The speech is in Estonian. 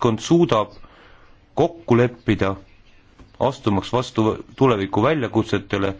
valdkond suudab kokku leppida, astumaks vastu tuleviku väljakutsetele